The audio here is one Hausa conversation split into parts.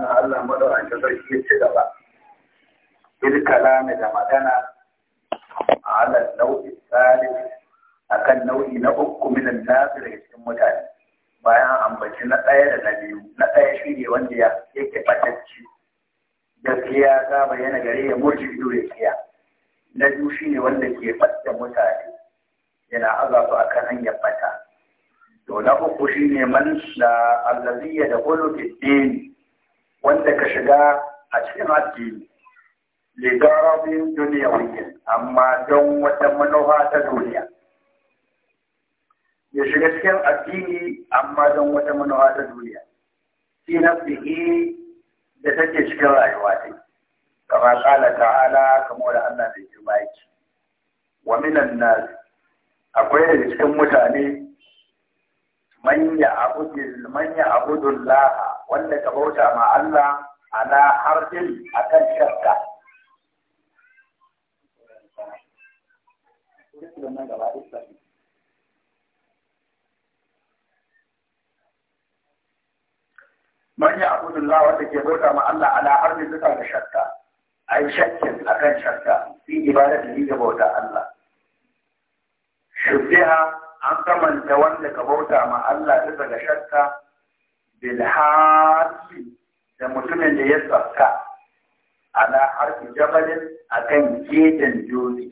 na Allah madawacin sarki ya ce gaba. Bil kalami da magana a alal nau'i tsari a kan nau'i na uku min nasu daga cikin mutane. Bayan ambaci na ɗaya da na biyu, na ɗaya shi ne wanda ya yake fatacci. Gaskiya ta bayyana gare ya murji ido ya kiya. Na biyu shi ne wanda ke fatta mutane. Yana azabu akan hanyar fata. to na uku shi ne man da allazi ya da kulu fiddin wanda ka shiga a cikin addini ligarabin duniya wajen amma don wata manufa ta duniya ya shiga cikin addini amma don wata manufa ta duniya fi nafsihi da take cikin rayuwa ne kama kala ta'ala kamar da Allah bai girma yake wa minan nas akwai daga cikin mutane Manya ya abudu man ya wanda ka bauta ma Allah ala harfin akan shakka man ya abu Allah wanda ke bauta ma Allah ala harfin duka da shakka ai shakkin akan shakka fi ibadatu da bauta Allah shubbiha an kamanta wanda ka bauta ma Allah duka da shakka bilhassi da mutumin da ya tsaka ala harfi jabalin a kan gejen dutse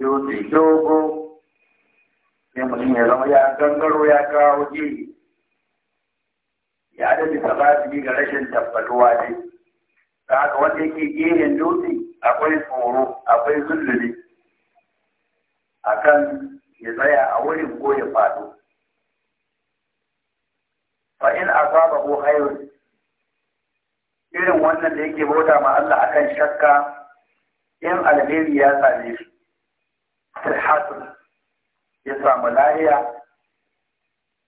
dutse dogo sai mutum ya zama ya gangaro ya kawo geji ya da bisa ba su yi ga rashin tabbatuwa ne za haka wanda yake gejen dutse akwai tsoro akwai zullubi akan ya tsaya a wurin ko ya faɗo fa in asabahu khairun irin wannan da yake bauta ma Allah akan shakka in alheri ya same shi ya samu lahiya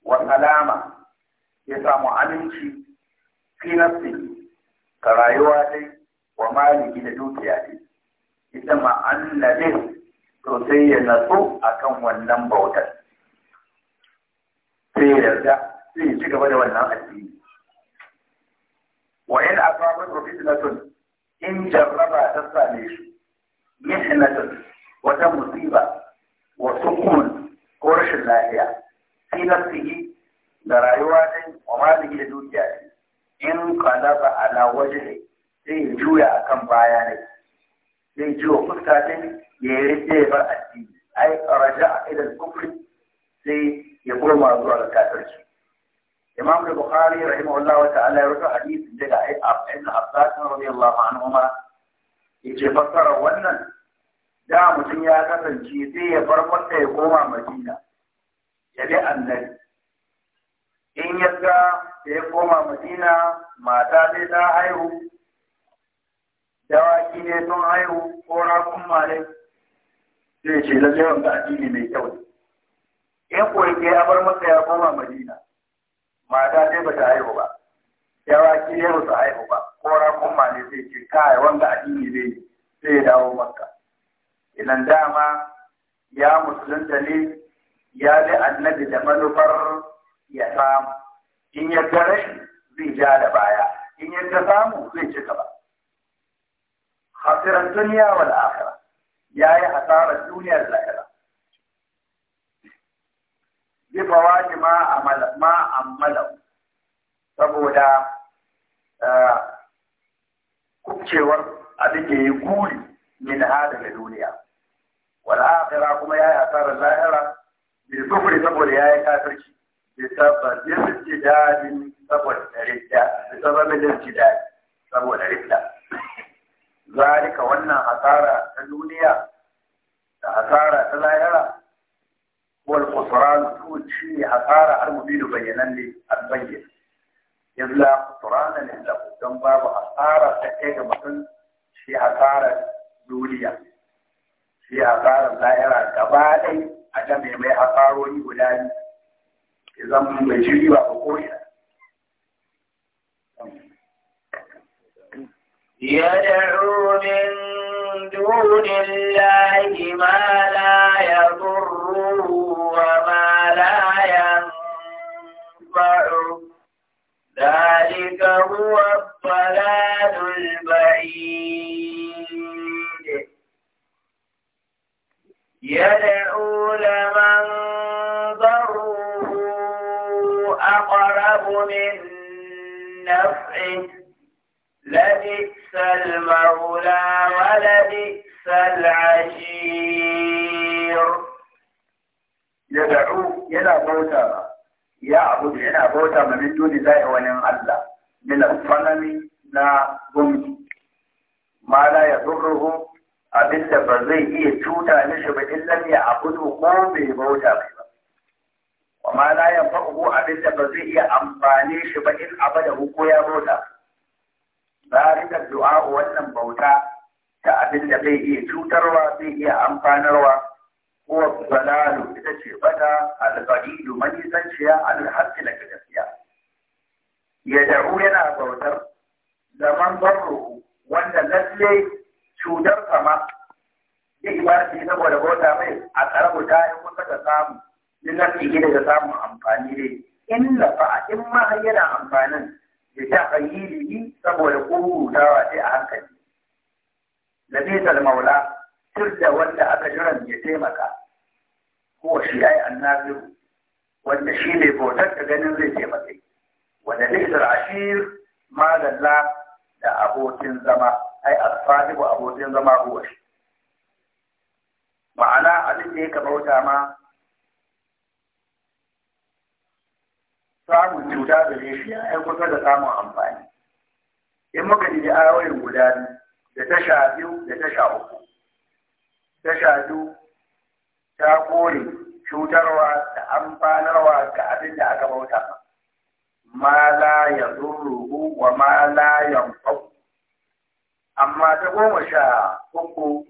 wa salama ya samu aminci fi nafsi ka rayuwa dai wa maliki da dukiya dai ita ma annabi to sai ya natsu akan wannan bautar sai yarda sai ya ci gaba da wannan addini wa in asabat wa in jarraba ta same shi mihnatun wata musiba wa sukun ko rashin lafiya fi nafsihi da rayuwa ne wa malihi da dukiya ne in kalaba ala wajhi sai ya juya kan baya ne zai ji wa fuska ta ya yi rike ya bar addini ai raja a idan kufri sai ya koma zuwa ga kafirci imam al-bukhari rahimahullah wa ta'ala ya rubuta hadisi daga ibn abbas radiyallahu anhuma yace fassara wannan da mutum ya kasance sai ya bar mata koma madina ya bi annabi in ya ga ya koma madina mata sai ta haihu dawaki ne sun haihu ko rakun mare zai ce lallai wanda addini mai kyau in ko ya bar masa ya koma madina mata dai ba ta haihu ba yawa ki ya ba haihu ba ko raƙumma ne sai ce kai wanda addini zai sai dawo makka idan dama ya musulunta ne ya bi annabi da manufar ya samu in ya gare zai ja da baya in ya ta samu zai ci gaba hasiran duniya wal akhirah yayi hasarar duniyar lahira bi fawati ma a ma amala saboda kubcewar abin da ya guri min hada da duniya wal akhirah kuma ya yi asarar lahira bil kufri saboda yayi kafirci bi sababin jidalin saboda ridda bi sababin jidal saboda ridda zalika wannan asara ta duniya da asara ta lahira والقصران سوء شيء حصارة المبين بينان لي البين إذ لا قدام باب حصارة تأتيك مثل شيء دوليا دولية شيء حصارة ظاهرة كبالي أجمع ما حصاروني ولاي إذا من بجري وقوية يدعو من دون الله ما لا يضر ذلك هو الضلال البعيد يدعو لمن ضره أقرب من نفعه لبئس المولى ولبئس العشير يدعو يدعو موتى ya abu da yana bauta ma min duni ya wani Allah min al-fanami na gumi ma la ya zurruhu abin da ba zai iya cuta mishi ba illa ya abu da ko bai bauta mai ba wa ma la ya fa'u abin da ba zai iya amfane shi ba in abada ko ya bauta rika du'a wannan bauta ta abin da bai iya cutarwa bai iya amfanarwa huwa balalu ita ce bada al-balilu manisanciya al-haqqi na gaskiya ya da'u yana bautar zaman barro wanda lalle cutar sama ya ibadati saboda bauta mai a karabu ta yi kusa da samu din nan ke samun amfani dai in lafa in ma yana amfanin ya ta hayyili saboda a hankali maula tur da wanda aka jiran ya taimaka ko shi ya yi annabi wanda shi ne bautar da ganin zai taimaka wanda da ashir malalla da abokin zama ai ko abokin zama ko shi ma'ana abin da ya bauta ma samun cuta da shi ya kusa da samun amfani in muka ji ayoyin guda da ta sha biyu da ta sha uku ta shadu ta kore cutarwa da amfanarwa ga abin da aka bauta ma la ya zurruhu wa ma la ya amma ta goma sha uku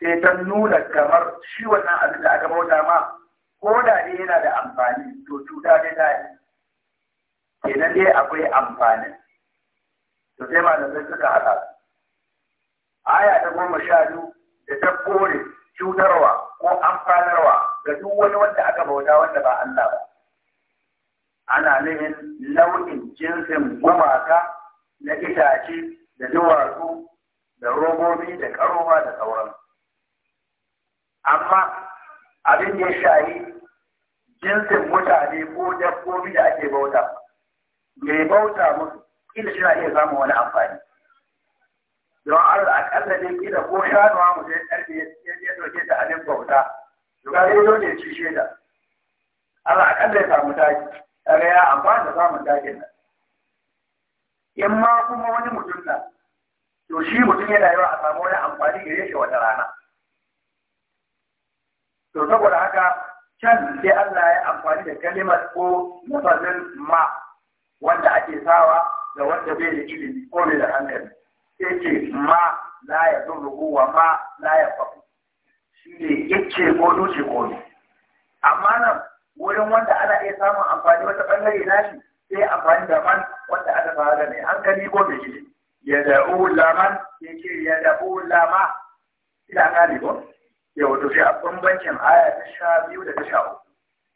sai ta nuna kamar shi wannan abin da aka bauta ma ko da dai yana da amfani to cuta dai ta yi kenan dai akwai amfanin to sai malamai suka haɗa aya ta goma sha biyu da ta cutarwa ko amfanarwa ga duk wani wanda aka bauta wanda ba Allah ba ana nufin nau'in jinsin gumaka na itace da duwatsu da robobi da karoma da sauran amma abin da ya shayi, jinsin mutane ko dabbobi da ake bauta mai bauta musu kila shi na iya samun wani amfani don Allah akalla ne kila ko shanuwa mu sai karfe ya dauke da abin bauta to ga yau dole ci shaida Allah akalla ya samu taki kaga ya amfani da samun takin nan in ma kuma wani mutum na to shi mutum yana yawa a samu wani amfani gare shi wata rana to saboda haka can sai Allah ya amfani da kalimar ko lafazin ma wanda ake sawa ga wanda bai da ilimi ko bai da hankali yake ce ma la ya zurruhu wa ma la ya fafu shi ne yake ko doce ko ne amma nan wurin wanda ana iya samun amfani wata bangare na shi sai amfani da man wanda aka fara da mai hankali ko mai shi ya da'u laman ya ce ya da'u lama ina gane ko ya wato sai a bambancin aya ta sha biyu da ta sha uku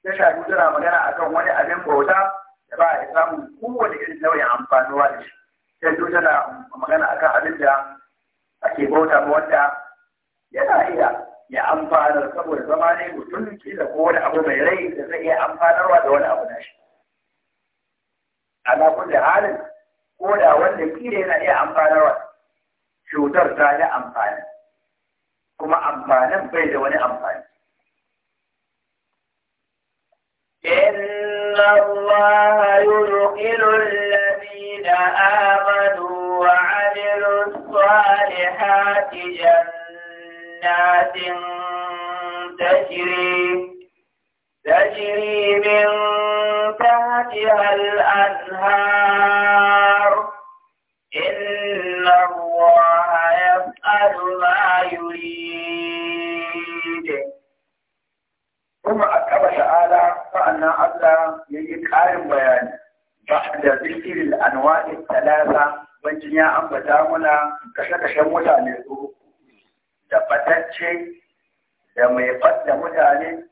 ta sha biyu tana magana akan wani abin bauta da ba a samun kowane irin nau'in amfanuwa da shi yanzu tana magana akan abin da ake bauta ma wanda yana iya ya amfanar saboda zama ne mutum da ko wani abu mai rai da zai iya amfanarwa da wani abu nashi kun da halin ko da wanda kila yana iya amfanarwa cutar ta yi amfani kuma amfanin bai da wani amfani إن الله يدخل الذين آمنوا وعملوا الصالحات جنات تجري تجري من تحتها الأنهار إن الله يفعل ما يريد kuma a ƙaba ta'ala sa'annan Allah ya yi ƙarin bayani da zikirin anwa'in talata wajen ya ambata muna kashe-kashen mutane su da fatacce da mai fadda mutane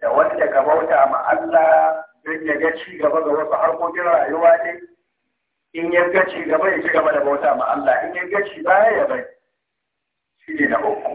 da wanda ka bauta ma Allah don ya ga ci gaba ga wasu harkokin rayuwa ne in ya ga ci gaba ya ci gaba da bauta ma Allah in ya ga ci baya ya bai shi ne na uku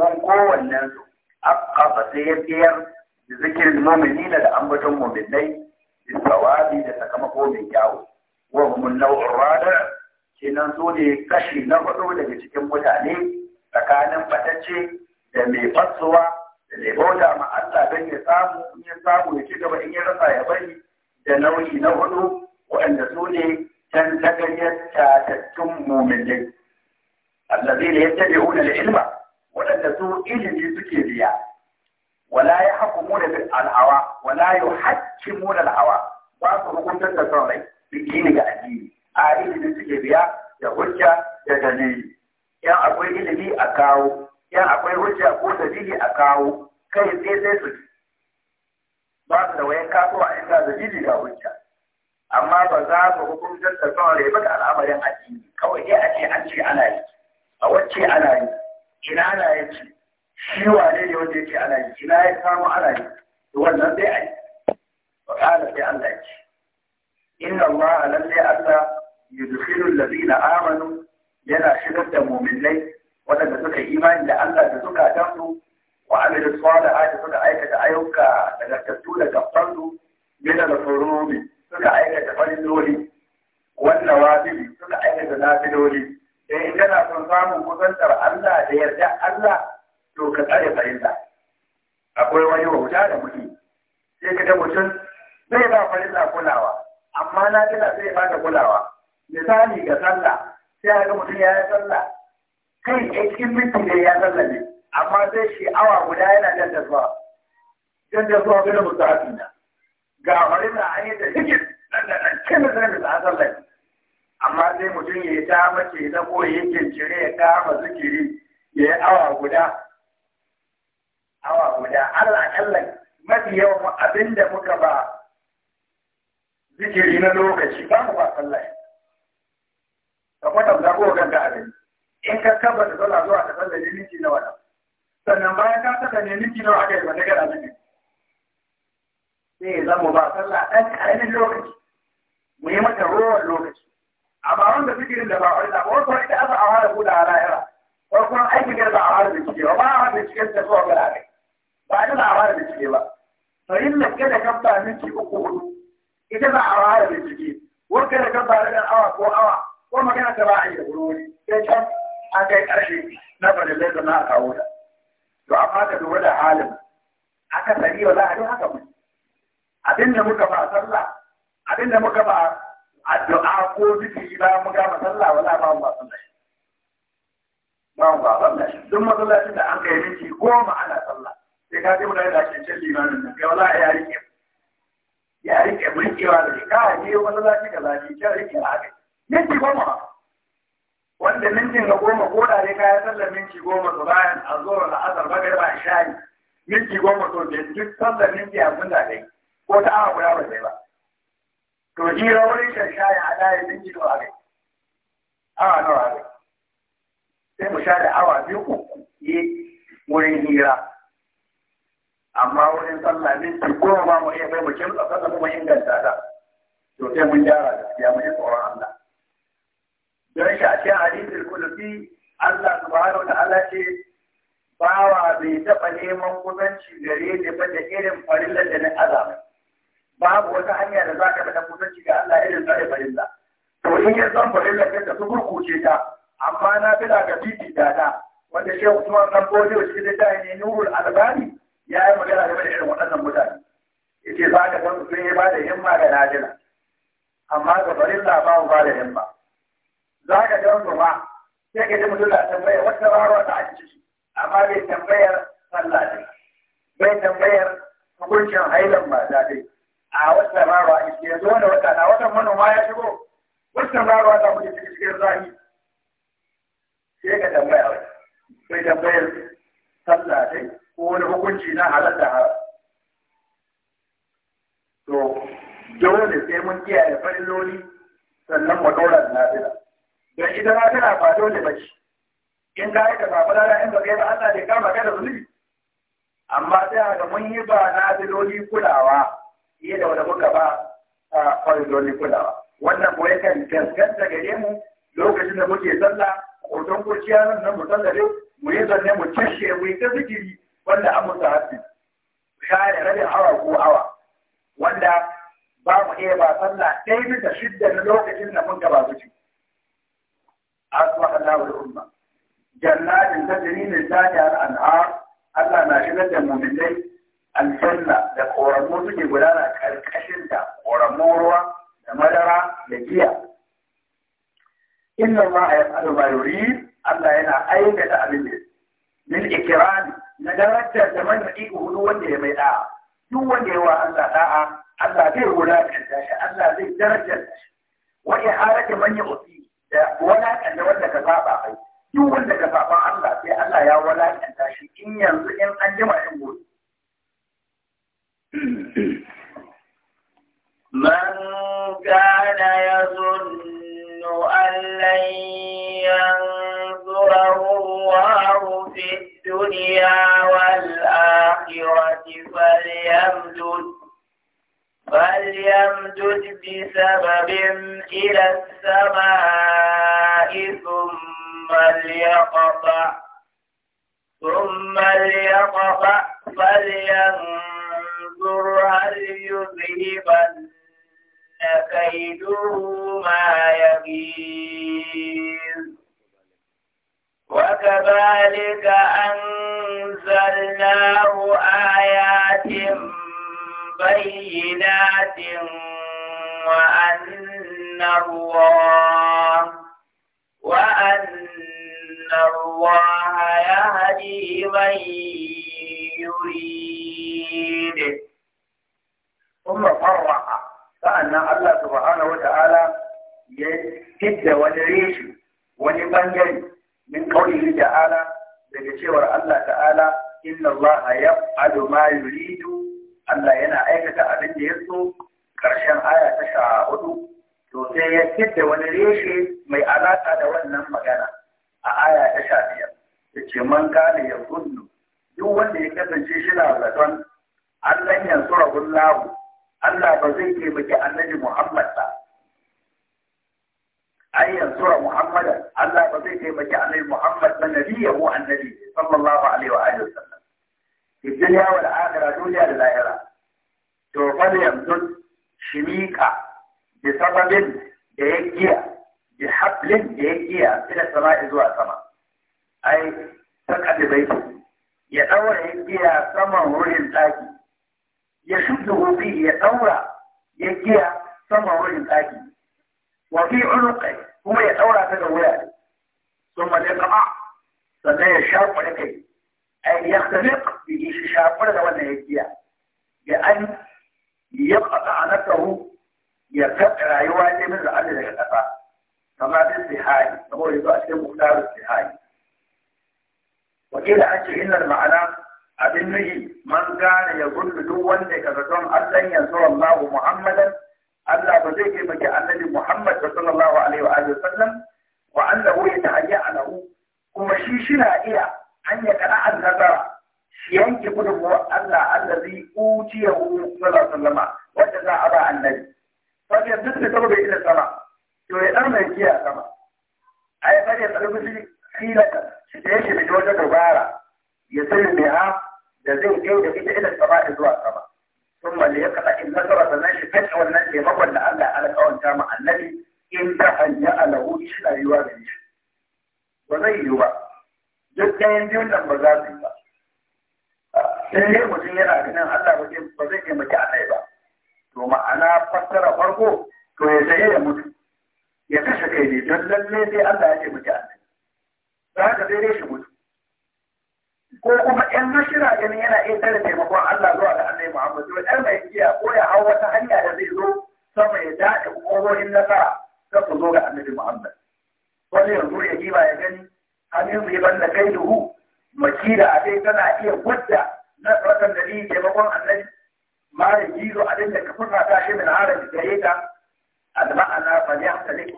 babban kowannen su aqqa sai ya tsayar da mu'minina da ambaton mu'minai da sawabi da sakamako mai kyau, wa mun nau'ur rada kenan so ne kashi na hudu daga cikin mutane tsakanin fatacce da mai fatsuwa da mai bauta ma Allah ya samu in ya samu ya ci gaba in ya rasa ya bari da nauyi na hudu waɗanda su ne can tagayyar tatattun mu'minai الذين يتبعون العلم waɗanda su ilimi suke biya wala ya mu da al'awa wala ya mu da al'awa ba su hukuntar da son rai bikini ga addini a ilimi suke biya da hujja da dalili yan akwai ilimi a kawo yan akwai hujja ko dalili a kawo kai sai sai su ba su da wayan kasuwa inda dalili da hujja amma ba za su hukuntar da son rai ba da al'amarin addini kawai dai a ce an ce ana yi a wacce ana yi ina na ya ce shi wane ne wanda yake ana yi ina ya samu ana yi wannan dai ai wa qala sai Allah ya ce inna Allah lalle Allah yudkhilu alladhina amanu yana shigar da mu'minai waɗanda suka imani da Allah da suka tantu wa amilu salihati suka aikata ayyuka daga tattu da gafansu yana da furumi suka aikata farin dole wannan wajibi suka aikata nafiloli sai in kana son samun kusantar Allah da yarda Allah to ka tsare farilla akwai wani wauta da muke sai ka ga mutum zai ba farilla kulawa amma na tana zai ba da kulawa misali ga sallah sai ga mutum ya yi sallah kai a cikin minti ne ya sallah ne amma sai shi awa guda yana jan da zuwa da gina musu na ga farilla an yi da hikin nan da nan kin da sanar amma sai mutum ya yi ta mace na ko ya cire ya kama zikiri ya yi awa guda awa guda Allah kallon mafi yawan abin da muka ba zikiri na lokaci ba mu ba sallah ka kwatanta ko ganga abin in ka kaba da zala zuwa ta sallah ne miki na wata. sannan bayan ka saka ne miki na aka yi ba ta kada sai ya zama ba sallah ɗan ƙaramin lokaci mu yi mata rowar lokaci amma wanda yin da ba farilla ba farko ita aka awara a da ala'ira farko aikin da ba awara da bincike ba ba awara da bincike ta zuwa ga ba ita ba awara da bincike ba to yin lafiya da kan ba minti uku hudu ita ba awara da cike wanka da kan ba da awa ko awa ko magana ta ba a yi da wuri sai can an kai ƙarshe na fadilai da a kawo da to amma ka lura da halin aka sani ba za a yi haka ba abinda muka ba sallah abinda muka ba addu'a ko zikiri ba mu gama sallah wala ba mu ba sallah ba mu ba sallah duk masallacin da an kai minti goma ana sallah sai ka ji mutane da cancan limanin nan kai wala ya rike ya rike mulkewa da shi. ka ne masallaci ka zafi ka rike a haka minti goma ba wanda mintin ga goma ko da dai kayan sallar minti goma to bayan a zuwa na ba bagar ba shayi minti goma to biyar duk sallar minti abin da dai ko ta awa guda ba sai ba to hira wurin shan shayi a layin sun ji nawa gai awa nawa gai sai mu sha da awa biyu uku yi wurin hira amma wurin sallah minti goma ma mu iya bai mu kimsa sallah kuma inganta ta to sai mun gyara gaskiya mu yi tsoron Allah don shi a cikin hadisul kudusi Allah subhanahu wa ta'ala ce bawa bai taɓa neman kusanci gare ni ba da irin farillar da na azama babu wata hanya da za ka da kusanci ga Allah irin sai farilla to in ya san farilla sai su sukurkuce ta amma na fi ga titi da da wanda shehu Usman dan Bode wa cikin da ne Nurul Albani ya yi magana game da irin waɗannan mutane yace za ka san sun yi ba da himma ga najila amma ga farilla ba ba da himma za ka ga su ma sai ka ji mutum na tambaya wata rawa ta a ciki amma bai tambayar sallah bai tambayar hukuncin hailan ba da dai a wata rarwa a ya zo da wata na watan manoma ya shigo wata rarwa ta muke cikin cikin zahi sai ka tambaya sai tambayar sallah dai ko wani hukunci na halatta haram to dole sai mun kiyaye farilloli sannan mu dora da nafila don ita nafila ba dole ba ce in ka yi ka samu lada in ba kai ba Allah da kama kada da zunubi amma sai ga mun yi ba nafiloli kulawa fiye da wanda muka ba a ƙwararroni kulawa wannan kuwa yakan gaskanta gare mu lokacin da muke sallah ƙoton kurciya nan na mu mu yi zanne mu cashe mu yi ta zikiri wanda an musa hafi shayar rabin awa ko awa wanda ba mu iya ba sallah ɗaya bisa shidda na lokacin da mun gaba zuci aswa Allahu al-umma jannatin jini ne ta al-anhar Allah na shigar da mu'minai aljanna da ƙoramu suke gudana ƙarƙashin ta ƙoramu ruwa da madara da giya inna ma ya tsaro ma yuri Allah yana aikata abin da lil ikirani na darajar da man yi hudu wanda ya mai da'a duk wanda ya wa Allah da'a Allah zai wulakanta shi Allah zai darajar da shi wa iharati man yu'ti da wulakanta wanda ka saba kai duk wanda ka saba Allah sai Allah ya wulakanta shi in yanzu in an jima in gobe من كان يظن أن لن ينظره الله في الدنيا والآخرة فليمدد فليمدد بسبب إلى السماء ثم ليقطع ثم ليقطع فلينظر كيده ما يغيظ وكذلك أنزلناه آيات بينات وأن الله وأن الله يهدي من يريد ثم فرق sa'annan Allah subhanahu wata'ala ya fidda wani reshi wani bangare min qaulihi ta'ala daga cewar Allah ta'ala inna Allah yaf'alu ma yuridu Allah yana aikata abin da ya so karshen aya ta sha hudu to sai ya fidda wani reshe mai alaƙa da wannan magana a aya ta sha biyar ya ce man gane ya duk wanda ya kasance shi na zaton Allah ya sura gullahu Allah ba zai taimaki annabi Muhammad ba. An yanzu a Muhammad Allah ba zai taimaki annabi Muhammad ba nabi ya mu annabi sallallahu alaihi wa alihi wasallam. Idan wal akhira duniya da lahira. To fal yanzu shimika da sababin da ya giya da hablin da ya giya ila sama'i zuwa sama. Ai saka da baiti ya daura ya giya saman wurin daki يشده فيه يتورى يجيع ثم رجل آجي وفي عنقه هو يتورى تدوية ثم يقمع ثم يشارك ولكي أي يختلق بإيش الشارك ولد وأن يجيع لأن يقطع نفسه يفق رأيوان من الأرض لك الأفا كما في الصحاي هو يضع سيء مختار الصحاي وإلى أجهن المعنى abin nuhi man gane ya gullu duk wanda ka don Allah ya zuwa Allahu Muhammadan Allah ba zai ke maki annabi Muhammad sallallahu alaihi wa alihi sallam wa annahu yata'ayya alahu kuma shi shi na iya an ya kana an nazara shi yanke gudunmuwar Allah allazi uciya hu sallallahu sallama wanda za a ba annabi fadiya duk da kaba ila sama to ya dan mai kiya sama ai ya tsarbi shi hila shi da yake da wata dabara ya sani mai ha da zai je da ita ila da zuwa sama sun wanda ya kaɗa in nasara da nashi fashe wannan taimakon da Allah alƙawanta ma annabi in ta hanya alahu shi na yiwa da shi ba zai yiwu ba duk ɗayan biyun nan ba za su yi ba sai dai mutum yana ganin Allah ba zai taimaki annabi ba to ma'ana fassara farko to ya zai ya mutu ya kashe kai ne don lallai sai Allah ya taimaki annabi za ka sai dai shi mutu ko kuma ɗan mashira ganin yana iya tare taimakon Allah zuwa ga Annabi Muhammad to ɗan mai kiya ko ya hau wata hanya da zai zo sama ya daɗe ƙoƙorin nasara ta ku zo ga Annabi Muhammad wani yanzu ya jiba ya gani hannun zai banda kai duhu makira a dai tana iya gudda na farkon da ni taimakon Annabi mara jizo a dinda ka fuka ta shi min harabi gare ta al fa ya sai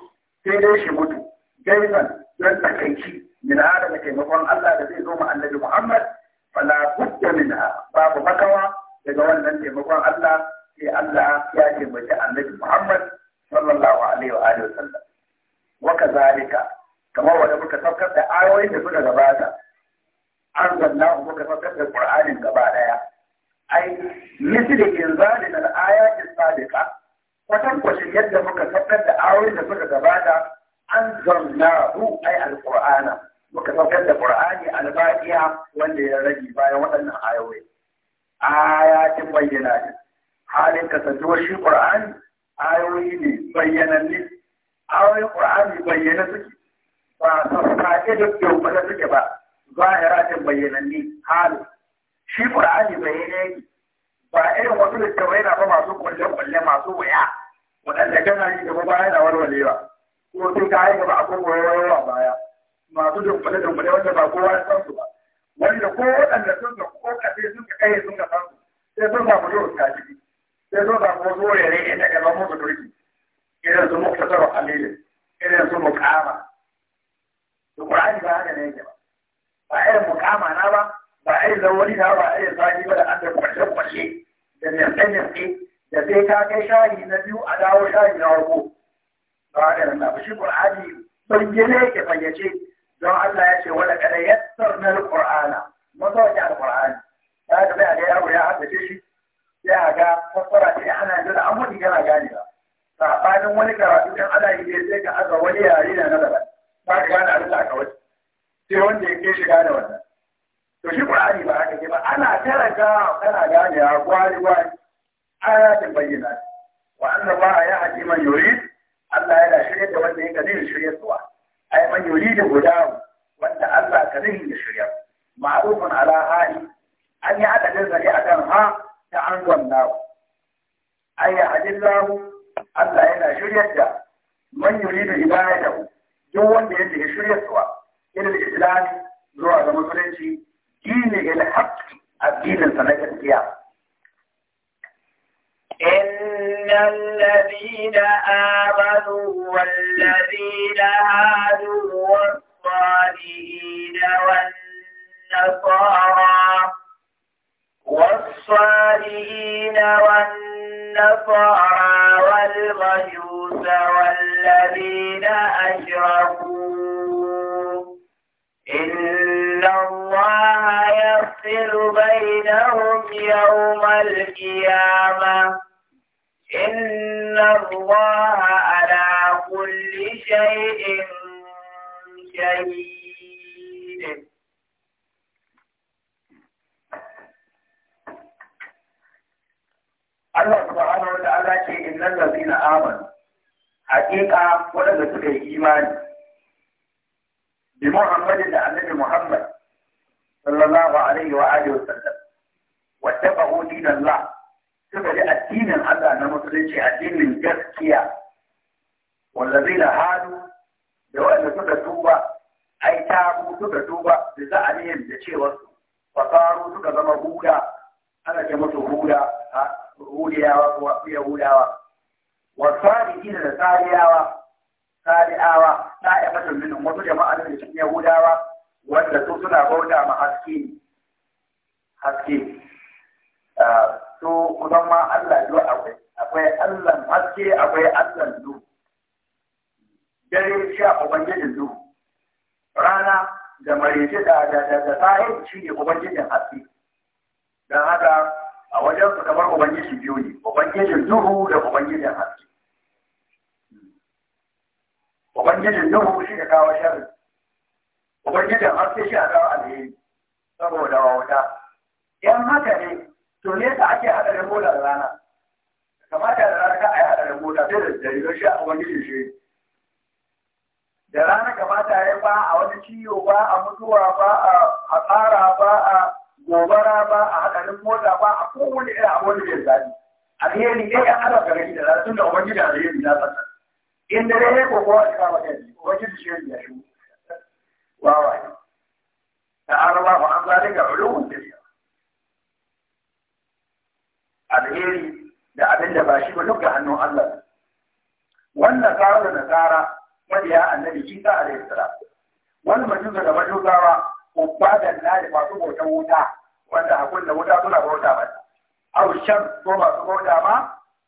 dai shi mutu gaisan don takaici min hada taimakon Allah da zai zo ma annabi Muhammad fala budda minha babu makawa daga wannan taimakon Allah sai Allah ya taimaki annabi Muhammad sallallahu alaihi wa alihi wasallam wa kazalika kamar wanda muka saukar da ayoyin da suka gabata an zanna muka saukar da Qur'anin gaba daya ai misli inzalin al-ayati sabiqa kwatan kwashin yadda muka saukar da ayoyin da suka gabata an zanna ai al-Qur'ana muka saukar da Qur'ani albaqiya wanda ya rage bayan waɗannan ayoyi ta bayyana ne halin kasancewar shi Qur'ani ayoyi ne ne, ayoyin Qur'ani bayyana suke ba sassa da dubbe suke ba bayyanan ne halin shi Qur'ani bayyana yake ba irin wasu littattafai na ba masu kulle-kulle masu wuya waɗanda gana yi gaba baya na warwarewa ko sai ka ba a kuma wayewa baya masu dunkule-dunkule wanda ba kowa ya san su ba wanda ko waɗanda sun ga ko kafe sun ga kai sun ga san su sai sun samu yau ta ciki sai sun samu wasu wurare inda ya zama musu turki irin su muka tsaro alili irin su mukama da qur'ani ba haka ne yake ba ba irin mukama na ba ba irin zawani na ba irin sani ba da an da kwashe-kwashe da nyanke-nyanke da sai ka kai shayi na biyu a dawo shayi na farko ba haka na ba shi ƙur'ani bayyane yake fayyace don Allah ya ce wala kada yassar na alqur'ana mun sauke alqur'ani ya ga bai ga yaro ya haddace shi ya ga fassara ce hana jira an mutu yana gane ba sabanin wani karatu ɗin ana yi ne sai ka aza wani yare na nazara ba ka gane abin da aka wani. sai wanda ya ke shiga da wannan to shi qur'ani ba haka ke ba ana karanta kana gane ya gwari gwari ayatin bayyana wa anna allaha yahdi man yurid Allah yana shirye da wanda yake ne shirye suwa ai man yuri guda wanda Allah ka zai da shirya ma'rufun ala ha'i an yi adadin zari kan ha ta an gwamna ai hadillahu Allah yana shiryar da man yuri da duk wanda yake ya shirya tsuwa irin islami zuwa ga musulunci dini ila haqqi addinin sa na gaskiya إن الذين آمنوا والذين هادوا والصالحين والنصارى والصالحين والنصارى والمجوس والذين أشركوا إن الله يفصل بينهم يوم القيامة إن الله على كل شيء شهيد Allah subhanahu wa ta'ala ce haƙiƙa waɗanda suka yi imani bi Muhammadin da annabi Muhammad sallallahu alaihi Allah suka addinin Allah na musulunci addinin gaskiya wallazi na hadu da wanda suka tuba ai tabu suka tuba da za'aniyin da cewa fasaru suka zama huda ana ce musu huda hudiyawa ko yahudawa wasari'ina da sariyawa sari'awa ta'ifatun minhum wasu jama'a da cikin yahudawa wanda su suna bauta ma haske haske ah, to kusan ma Allah biyu akwai akwai Allah haske akwai Allah duhu dare shi a ubangiji duhu rana da marece da da da da sahib shi ne ubangijin haske dan haka a wajen su kamar ubangiji biyu ne ubangijin duhu da ubangijin haske ubangijin duhu shi ne kawo sharri ubangijin haske shi a kawo alheri saboda wauta in haka ne to ne ta ake haɗa da bola da rana kamata da rana ka a yi haɗa da bola sai da dare don shi a wani shi da rana kamata ya ba a wani ciwo ba a mutuwa ba a tsara ba a gobara ba a haɗarin mota ba a kowane irin abu da zai zaɓi alheri ɗaya ya haɗa ga gari da rana tun da wani da alheri na tsaka in dare ya koko a kama gari ubangiji shi ya shi wawaye ta'ala ba an ga zalika ulumul kabira alheri da abin da ba shi ba duka hannun Allah wannan tsara da nasara mabiya annabi Isa alaihi salam wani mutum daga majusawa ubbadan nari masu bautan wuta wanda hakun da wuta suna bauta ba aw sham ko masu bauta ma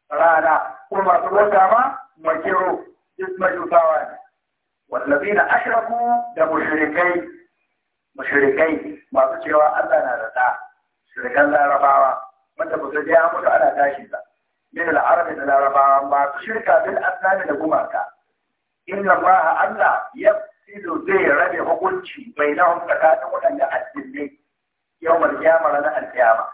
rana ko masu bauta ma makiro duk majusawa ne wallazina ashraku da mushrikai mushrikai masu cewa Allah na da ta. shirkan larabawa wanda ba zai ya mutu ana tashi sa min al-arabi da larabawa masu shirka bil asnami da gumaka inna allaha allah ya zai rabe hukunci bai na tsakanin waɗanda addinai yau mal kiyama ranar alkiyama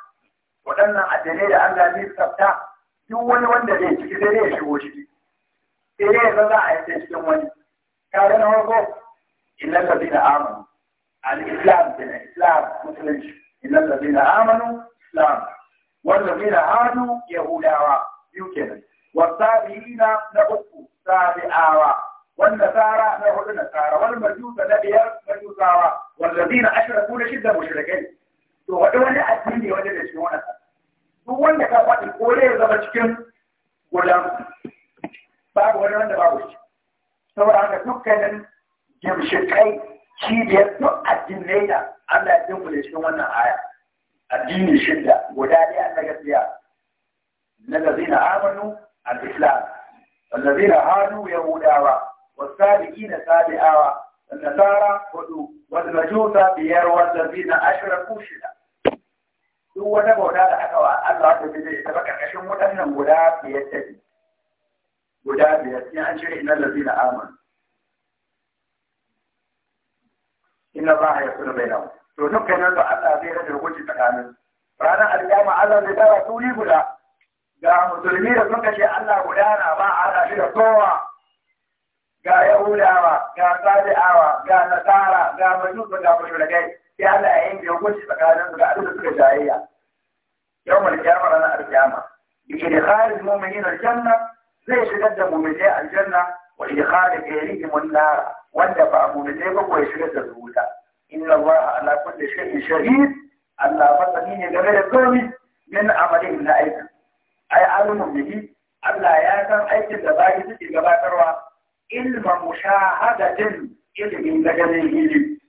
waɗannan addinai da allah ne tsafta duk wani wanda zai ciki sai ya shigo ciki sai ya zan za a yi cikin wani kare na farko illal ladina amanu al-islam bin islam musulunci illal ladina amanu islam wanda zai da hadu yahudawa biyu kenan wasabi'ina na uku sabi'awa wanda tsara na hudu na tsara wani majusa na biyar majusawa wanda zai na ashirin kuna shidda mushrikai to wani wani addini wanda da shi wani duk wanda ka faɗi ko ya zama cikin gudan babu wani wanda babu shi saboda haka dukkanin gimshikai cibiyar duk addinai da Allah ya dinkule cikin wannan aya الدين الشدة وذلك أن نجدها من الذين آمنوا الإسلام الذين هادوا يهود آوى والسابقين سابق آوى النصارى خدوا والمجوسة بيروا الذين أشركوا شدة هو نبو دار أكوى الله تبدي إتبقى كشم متنم ولا بيتدي ولا بيتدي عن يعني شيء من الذين آمنوا إن الله يكون بينهم to dukkanin su Allah zai rage hukunci tsakanin ranar alƙiyama Allah zai tara tuli guda ga musulmi da suka ce Allah gudana ba a haɗa shi da kowa ga yahudawa ga sabi'awa ga nasara ga majusa ga mushrikai sai Allah ya yanke hukunci tsakanin su ga abin da suka jayayya yau malkiyama ranar alƙiyama بإدخال المؤمنين الجنة zai shigar da mummune aljanna wa idkhal ghayrihim an-nar wanda ba mummune ba ko ya shigar da su wuta إن الله على كل شيء شهيد بد من غير الكون من عملهم أيضا أي علم به أن لا يأتم أي تبايد تبايد إلما مشاهدة علم لجنيه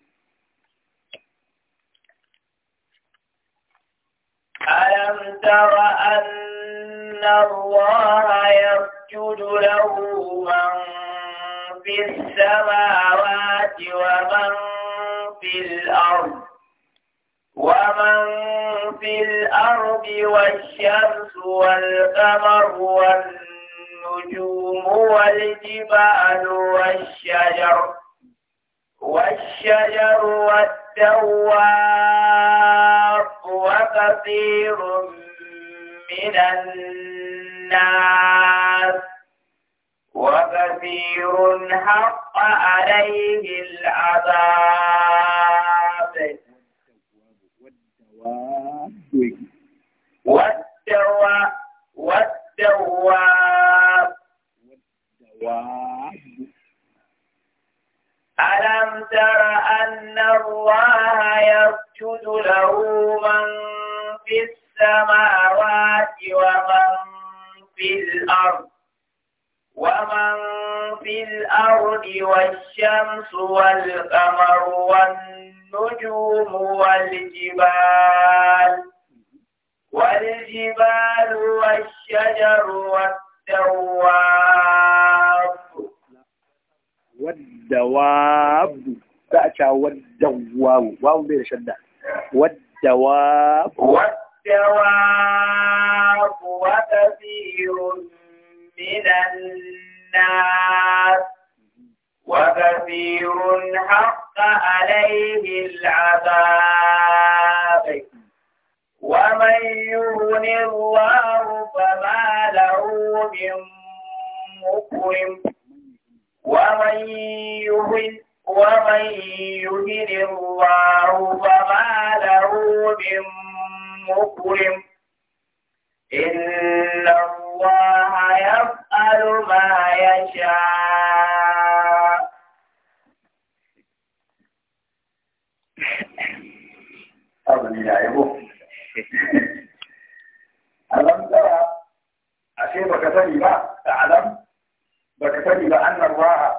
ألم تر أن الله يسجد له من في السماوات ومن في الأرض ومن في الأرض والشمس والقمر والنجوم والجبال والشجر والشجر والدواب وكثير من الناس وكثير حق عليه العذاب والدواب ألم تر أن الله يسجد له من في السماوات ومن في الأرض ومن في الأرض والشمس والقمر والنجوم والجبال والجبال والشجر والدواب والدواب تأتى والدواب واو بير شدة والدواب والدواب وكثير من الناس وكثير حق عليه العذاب ومن يهن الله فما له من مكرم ومن يهن ومن يهن الله فما له من مكرم إن الله يفعل ما يشاء أظن يا يبوك ألم ترى أشيء بكتني ما تعلم بكتني بأن الله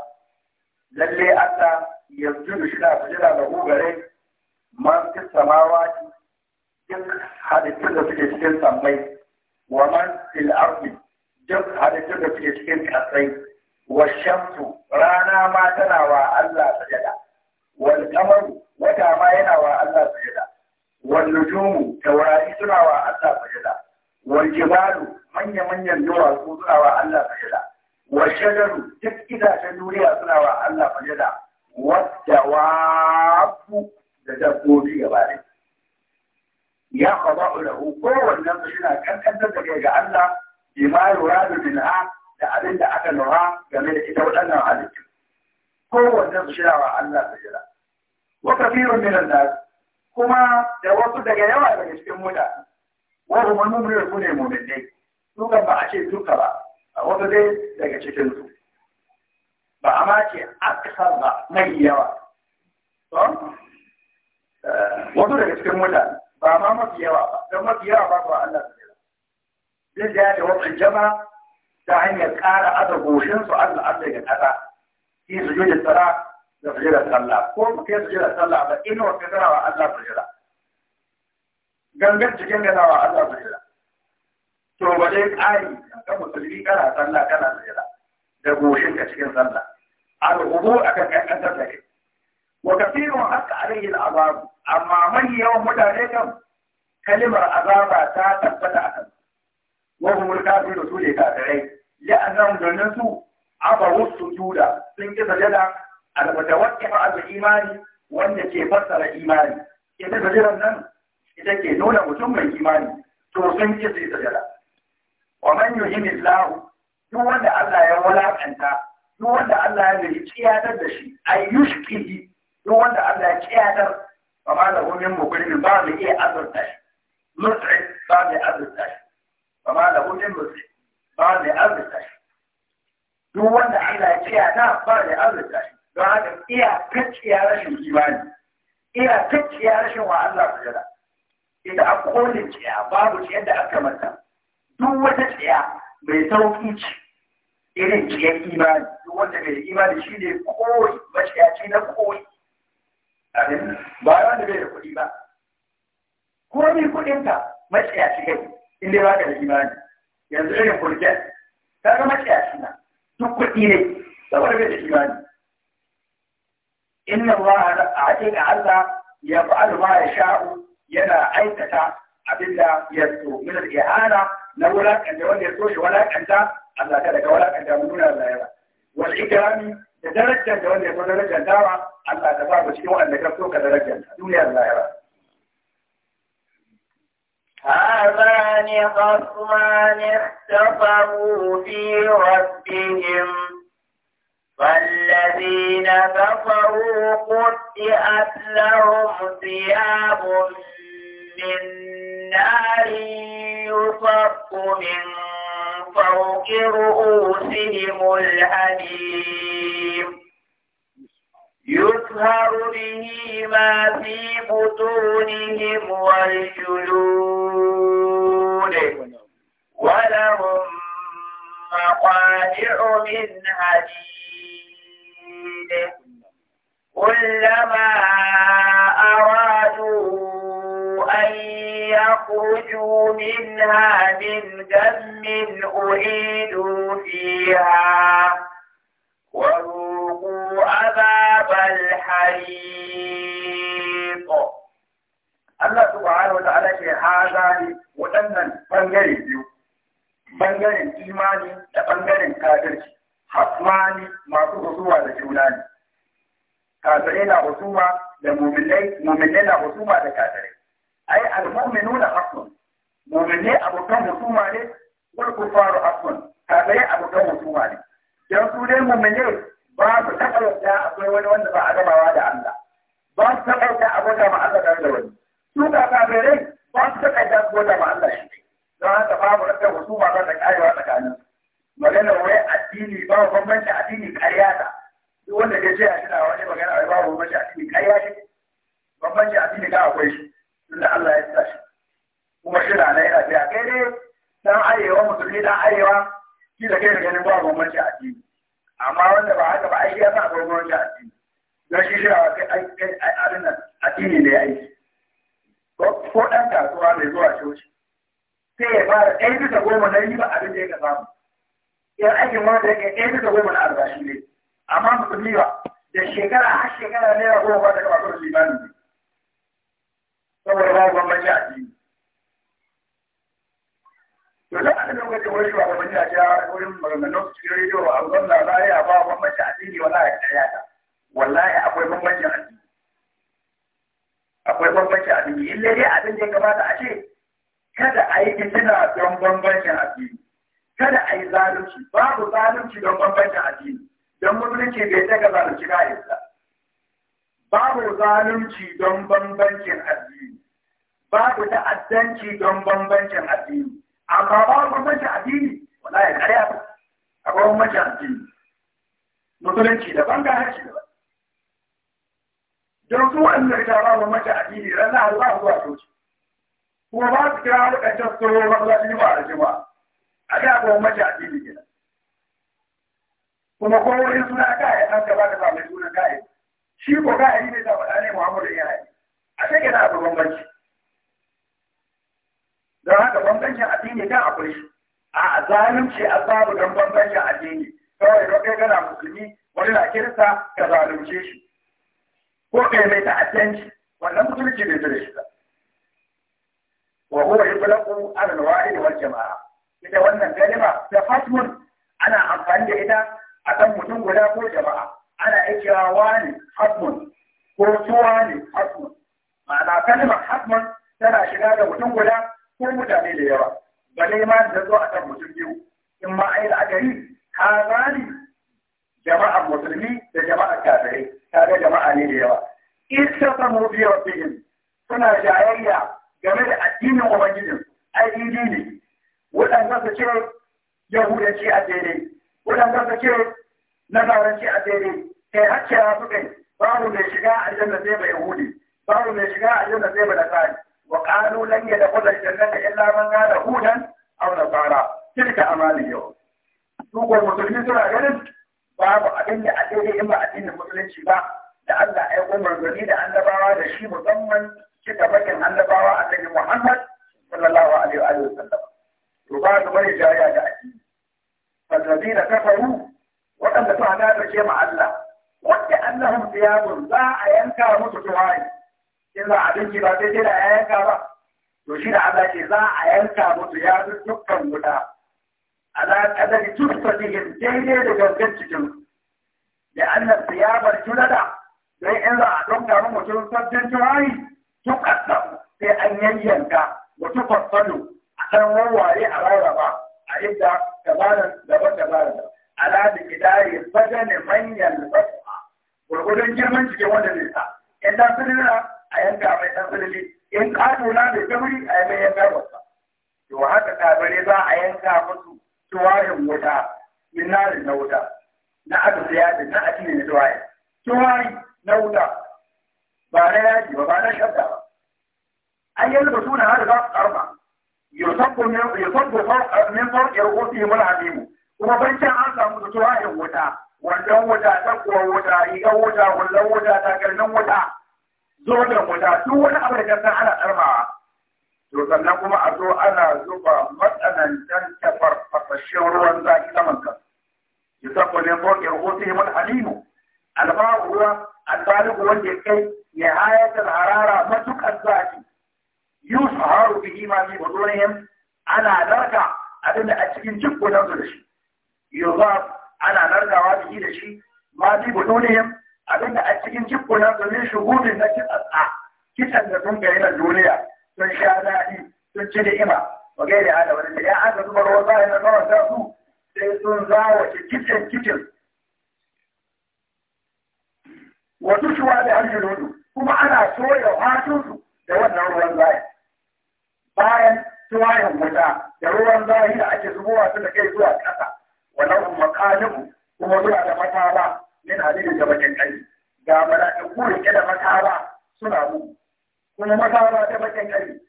للي أتى يسجد شنا سجدا له غريب من في السماوات duk halittun da suke cikin wa man fil ardi duk halittun da suke cikin kasai wa shamsu rana ma tana wa Allah sujada wal qamaru wata ma yana wa Allah sujada wal nujumu taurari suna wa Allah sujada wal jibalu manya manyan duwatsu suna wa Allah sujada wa shajaru duk itacen duniya suna wa Allah da dabbobi gaba ya qada'u lahu kowannen su suna kankantar da kai ga Allah bima yuradu minha da abin da aka nura game da ita waɗannan halittu kowannen su yana wa Allah jira wa kafirun min nas kuma da wasu daga yawa daga cikin mutane wa hum mu'minun ne mu'minai su kan ba a ce duka ba a wasu dai daga cikin su ba a ma ce akasar ba mai yawa eh, wasu daga cikin mutane ba ma mafi yawa ba don mafi yawa ba ba Allah su jira zai da da wasu jama ta hanyar ƙara aza goshin su Allah Allah ya kaza shi su da tsara da su jira sallah ko ba kai su sallah ba ina wa kaza wa Allah su jira gangan cikin gana wa Allah su jira to ba dai ƙari kan musulmi kana sallah kana su jira da goshin ka cikin sallah al-wudu akan kankan da kai wa kafirun haka alayhi al'azab amma man yawan mutane kan kalimar azaba ta tabbata a kan wa humul kafiru su ne kafirai la'annahum domin su abawu sujuda sun ki sajada al-mutawaqqifa al-imani wanda ke fassara imani ita sajadan nan ita ke nuna mutum mai imani to sun ki su sajada wa wanda Allah ya walaƙanta, duk wanda Allah ya rici ya da shi ayyushkihi duk wanda Allah ya kiyadar ba ma da min mukrimin ba mai iya azurta shi mutai ba mai azurta shi ba ma lahu min ba mai azurta shi duk wanda Allah ya kiyada ba mai azurta shi don haka iya kacciya rashin imani iya kacciya rashin wa Allah jira idan a kolin ciya babu ciyar yadda aka manta duk wata ciya mai sauki ce irin ciyar imani duk wanda mai imani shi ne koyi maciyaci na koyi ba wanda bai da kuɗi ba ko ni kuɗinka maciyaci kai in dai baka da imani yanzu irin kurken ta ga maciyaci na duk kuɗi ne saboda bai da imani inna Allah a hakika Allah ya fi ma ya sha'u yana aikata abinda ya so min al na wulaƙanta, wanda ya so shi wulaƙanta Allah ta daga wulaƙanta mun nuna Allah ya ba wal ikrami da darajar da wanda ya fi darajar dawa Allah ta babu cikin wanda ka so ka darajar duniyar lahira. هذان خصمان اختصموا في ربهم فالذين كفروا قطئت لهم ثياب من نار يصب من فوق رؤوسهم الحديد يظهر به ما في بطونهم والجلود ولهم مقادع من حديد كلما أرادوا أن يخرجوا منها من دم أعيدوا فيها وروقوا أبا الحريق الله سبحانه ke في ne waɗannan ɓangare biyu ɓangaren imani da ɓangaren kafirci hasmani masu husuma da juna ne kafirai na husuma da muminai muminai na husuma da kafirai ai al-mu'minu na hasun muminai abokan husuma ne wal kufaru hasun kafirai abokan husuma ne Yanzu dai muminai ba su taɓa yadda akwai wani wanda ba a gabawa da Allah ba su taɓa yadda a gwada ma Allah da wani su ga kafirai ba su taɓa yadda su gwada ma Allah shi don haka babu rasa husuma ba ta karewa tsakanin maganar wai addini ba mu bambanci addini ƙarya ta duk wanda ke ce a shi na wani magana wai mu bambanci addini ƙarya ne bambanci addini ka akwai shi tunda Allah ya sa shi kuma shi na yana biya kai ne dan arewa musulmi dan arewa shi da kai da ganin ba mu bambanci addini amma wanda ba haka ba ai ya sa gurgurun shi addini don shi shi, shirawa kai abin nan addini ne aiki ko ɗan kasuwa mai zuwa coci sai ya fara ɗaya bisa goma na yi riba abin da ya samu in aikin wanda ya kai ɗaya bisa goma na albashi ne amma musulmi ba da shekara har shekara naira goma ba ta gaba kuma limanin ne saboda babu bambanci addini Dole a da wajen wani ba wani a ja wurin maganganun su cikin rediyo ba a gwamna ba ya ba bambancin addini wallahi a ɗaya ta. Wallahi akwai bambancin addini. Akwai bambancin addini. Ille dai abin da ya kamata a ce kada a yi fitina don bambancin addini. Kada a yi zalunci. Babu zalunci don bambancin addini. Don musulunci bai daga zalunci na yadda. babu zalunci don bambancin addini, babu ta'addanci don bambancin addini, amma ba bambanci addini wala ya kaya a a bambanci addini musulunci da banga haƙƙi da don su wanda ta ba bambanci addini ran na ba su ba soci kuma ba su kira waɗancan su ba su zaɓi ba A da jima a ga bambanci addini kenan kuma kowane suna kaya ɗan gaba da ba mai suna kaya shi ko kaya ne da faɗa ne muhammadu ya yi a cikin abu bambanci don haka bambancin addini kan akwai shi a zalunci a babu don bambancin addini kawai don kai gana musulmi wani na kirista ka zalunce shi ko kai mai ta'addanci wannan musulunci bai zure shi ba wa huwa yutlaqu ala alwa'id wal jama'a ita wannan kalima, ta fatmun ana amfani da ita akan mutum guda ko jama'a ana iya wani hatmun ko suwa ne hatmun ma'ana kalimar hatmun tana shiga da mutum guda ko mutane da yawa ba dai ma da zo a kan mutum biyu in ma ai la'akari hazari jama'a musulmi da jama'a kafirai kaga jama'a ne da yawa isa ta mubiya bihim suna jayayya game da addinin ubangijin ai ne waɗanda su ce yahudanci a daidai waɗanda su ce nasaranci a daidai kai har kira su kai babu mai shiga aljanna sai ba yahudi babu mai shiga aljanna sai ba nasari وقالوا لن يدخل الجنة إلا من كان هودا أو نصارى تلك اليوم سوق المسلمين سورة غرب باب أبن أدوه إما أدين المسلمين شباب لأن أيقوم الغني لأن نبارا لشي مضمن كتبك أن نبارا أدين محمد صلى الله عليه وآله وسلم وبعد ما يجا يا فالذين كفروا وقد تعنا بشي مع الله وكأنهم ثياب لا أينكى متطوعين in za a dinki ba sai da a yanka ba to shi da Allah ke za a yanka musu ya fi dukkan wuta ala kadari tusfatihin daidai da gangan cikin da annan siyabar tunada? don in za a ɗauka mutum sabbin to tukasta sai an yanyanka. mutum fasalo a kan wawaye a rarraba a inda dabarar daban ala da kidari bajane manyan da gurgudun girman cikin wanda zai sa in da a yanka mai ɗan sulili in ƙato na da sauri a yi mai yanka wasa to haka kafare za a yanka musu tuwarin wuta min narin na wuta na aka da na addini na tuwarin tuwari na wuta ba na yaji ba ba na shadda ba an yanzu ba suna hada za su karba yusabbu min yusabbu min farqi ru'usihim al-hadim kuma bancin an samu da tuwarin wuta wannan wuta ta kuwa wuta rigar wuta wallan wuta takalmin wuta zo da wuta duk wani abu da san ana tsarmawa to sannan kuma a zo ana zuba matsanantan tafar fasashen ruwan zaki saman kan yusafu ne ko ya hoto himan halimu albaru ruwa albaligu wanda ya kai ya hayatar harara matukar zafi yusaharu bihi ma fi budurihim ana narka abinda a cikin jikkunan su da shi yuzaf ana narkawa bihi da shi ma fi budurihim abinda a cikin cikuna domin shugubin na cin tsatsa kitan da sun gari na duniya sun sha daɗi sun ci ni'ima wa da hada wani da ya aka zubar wa zai na za su sai sun zawace kicin kicin wasu shuwa da harshen hudu kuma ana soya fatunsu da wannan ruwan zai bayan tuwayen wuta da ruwan zai da ake zubowa su da kai zuwa ƙasa wannan makalibu kuma zuwa da ba. min halin da bakin kari ga mala'iku rike da makawa suna mu kuma makawa ta bakin kari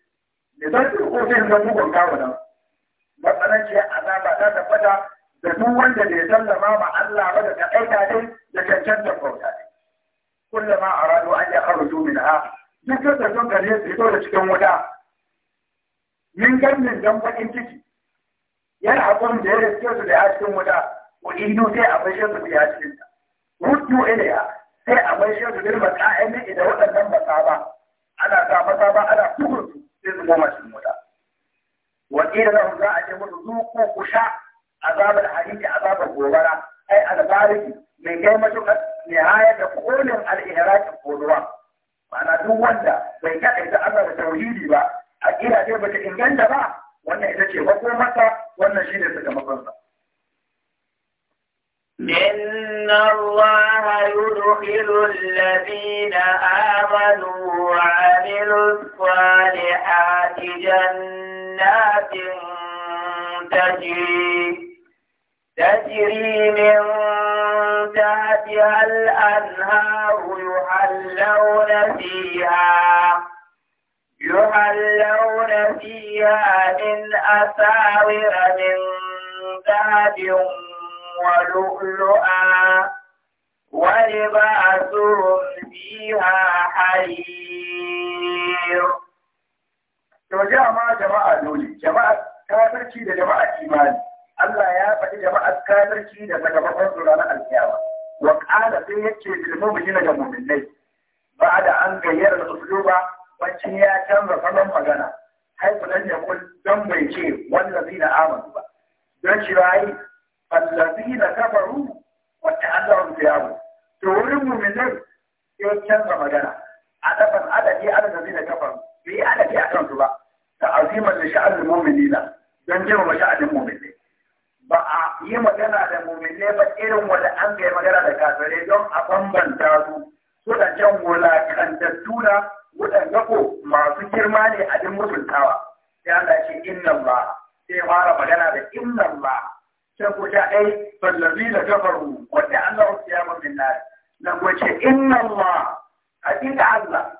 da zan fi kofin zan bugun kawo nan matsananciyar azaba ta tabbata da duk wanda bai sallama ma Allah ba da ta aika dai da cancanta bauta dai kullama aradu an ya kharuju minha duk da sun gane su fito da cikin wuta min gannin dan bakin ciki yana abun da ya riske su da cikin wuta ko ido sai a bashe su da cikin ta rudu ilaya sai a mai shi da maka'ani da waɗannan masaba ana sa masaba ana tuhun sai su goma cikin wuta wa qila lahum za a ce musu zuku ku sha azabar hadisi azabar gobara ai albariki mai kai matuƙar nihaya da kolin al-ihraq koduwa ma'ana duk wanda bai kaɗa ita Allah da tauhidi ba a kira dai bata inganta ba wannan ita ce makomarsa wannan shine sakamakonsa إن الله يدخل الذين آمنوا وعملوا الصالحات جنات تجري تجري من تحتها الأنهار يحلون فيها يحلون فيها من أساور من ذهب ولؤلؤا ولباسهم a حرير to ma jama'a dole jama'a kafirci da jama'a imani Allah ya faɗi jama'a kafirci da sakamakon su ranar Waƙala sai qala sai yace lil mu'minina da mu'minai ba da an gayyara da ba wancan ya canza salon magana haifu dan yakul dan bai ce zina Amadu ba don shi الذين كفروا وتعذروا ثيابه تورم wurin ذلك يوتشن رمضان عدفا عددي على الذين كفروا في عددي أحسن الله تعظيما bai المؤمنين دنجم مشاعر المؤمنين ba a yi magana da muminai ba irin wanda an ga magana da kafirai don a bambanta su suna jan wulakantattu na waɗanda ko masu girma ne a din mutuntawa sai Allah ce inna ba sai fara magana da inna ba. تقول أي فالذين كفروا قل الله صياما من النار لم إن الله أكيد الله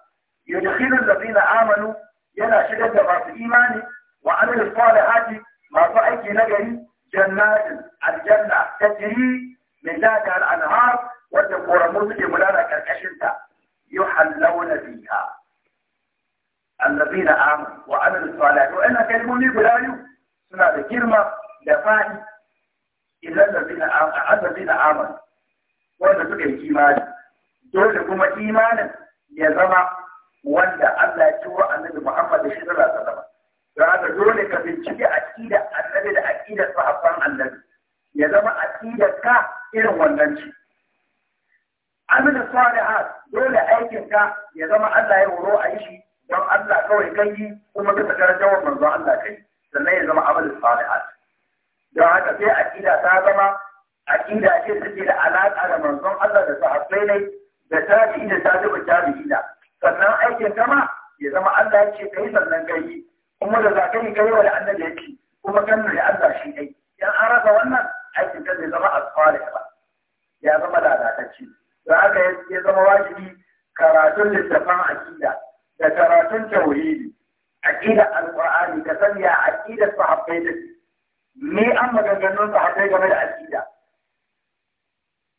يدخل الذين آمنوا ينا شدد ما في إيماني وعمل الصالحات ما رأيك نجري جنات الجنة تجري من ذاتها الأنهار وتقول مرمز مولانا كالكشنتا يحلون فيها الذين آمنوا وعملوا الصالحات وأنا كلموني بلايو سنة الكرمة دفاعي idan da zina aman wanda suka yi imani dole kuma imanin ya zama wanda Allah ya ciwo annabi Muhammad da shi da sallama don haka dole ka bincike da annabi da aqidar sahabban annabi ya zama aqidar ka irin wannan ci. amina salihat dole aikin ka ya zama Allah ya horo a yi shi don Allah kawai kai kuma bisa darajar manzon Allah kai sannan ya zama amal salihat Da haka sai aƙida ta zama aƙida ce take da alaƙa da manzon Allah da sahabbai ne da tabi'i da tabi'u tabi'i da sannan aikin kama ya zama Allah ya ce kai sannan kai kuma da za ka yi kai wa annabi ya ce kuma kan ne Allah shi kai in an rasa wannan aikin ka zai zama asfalih ba ya zama lalatacce don haka ya zama wajibi karatun littafan Aqida da karatun tauhidi aƙidar alƙur'ani ka sanya aƙidar sahabbai da me an maganganun sa haɗe game da aƙida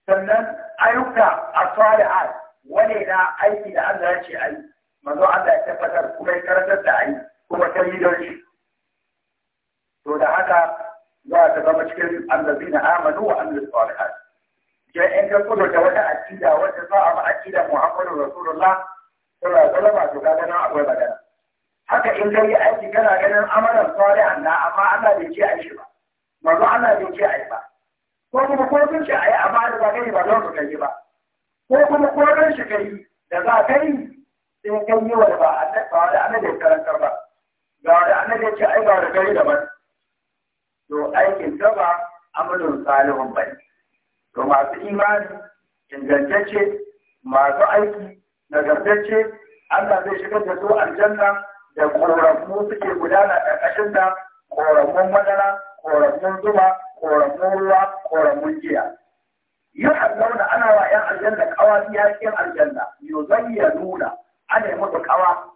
sannan ayyuka a salihat wane na aiki da Allah ya ce ayi manzo Allah ya tabbatar kuma ya karantar da a yi, kuma ta yi don shi to da haka za ta zama cikin allazina amanu wa amilus salihat sai in ka kudu da wata aƙida wacce za a ba aƙida Muhammadu Rasulullah sallallahu alaihi wasallam to kaga nan akwai magana haka in kai yi aiki kana ganin amalan salihan na amma Allah bai ce a shi ba manzo Allah bai ce a yi ba ko kuma ko sun ce a yi amma da ba kai ba don su kai ba ko kuma ko don shi kai da za kai sai kai yi wa ba Allah ba da Allah bai karantar ba ga wanda Allah bai ce ai ba da kai daban to aikin ta ba amalin salihun ba to masu imani ingantacce masu aiki nagartacce Allah zai shigar da su aljanna da ƙoramu suke gudana ƙarƙashin da ƙoramun madara ƙoramun zuma ƙoramun ruwa ƙoramun jiya. yi hannuna ana wa ‘yan aljanna kawa cikin aljanna yau zan iya nuna ana yi mutu kawa